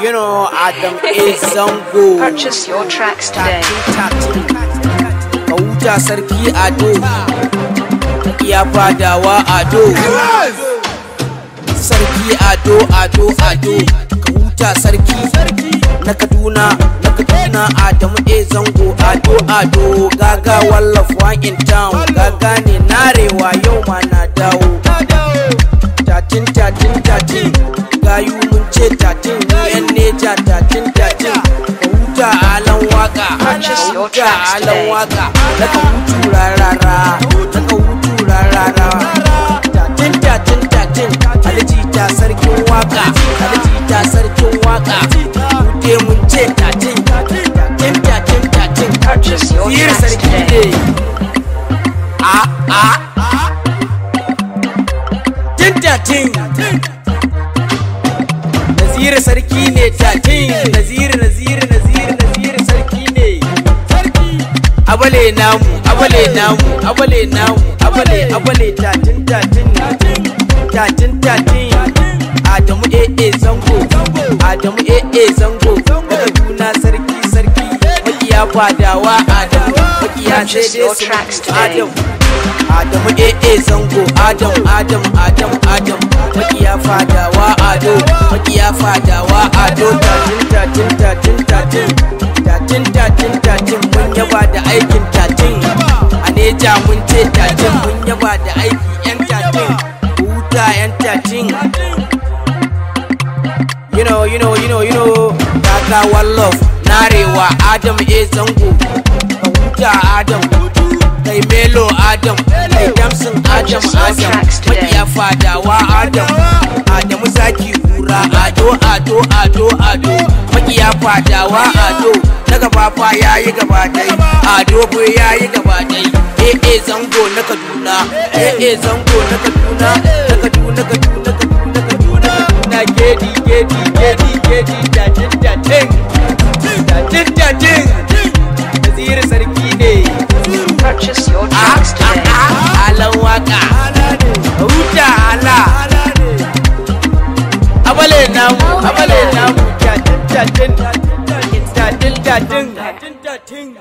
You know, Adam is some good. Purchase your tracks today. Kauta serki ado. Iya fadawa ado. Serki ado ado ado. Kauta serki. Nakaduna, nakaduna. na Kaduna Adam is zango ado ado. Gaga wall of wine in town. Gaga waka waka na hutu rarara hutu rarara aliji ta sarkin waka aliji ta sarkin waka mun ce sarki ne a a tin tatin nazir sarki ne namu abale namu abale namu abale abale tatin tatin tatin tatin adamu ee zango adamu ee zango daga juna sarki sarki makiya fadawa adamu makiya sai dai su adamu adamu ee zango adam adam adam adam makiya fadawa ado makiya fadawa ado tatin tatin tatin tatin tatin tatin tatin mun yaba da aikin ta mun ce tatin mun yaba da aiki yan tatin huta yan tatin you know you know you know you know kaka love narewa adam e zango ka huta adam kai melo adam kai damsin adam adam makiya fadawa adam adamu zaki kura ado ado ado ado makiya fadawa ado na gafafa ya yi dai a dogo ya yi gabatai ee eh, eh, zango na kaduna ee eh, zango na kaduna na kaduna kaduna kaduna kaduna na gedi gedi gedi gedi da dajin da dajin nazir sarki ne purchase your tracks ah, ah, today ah, alan waka huta ala abale mu abale namu da dajin 正在听。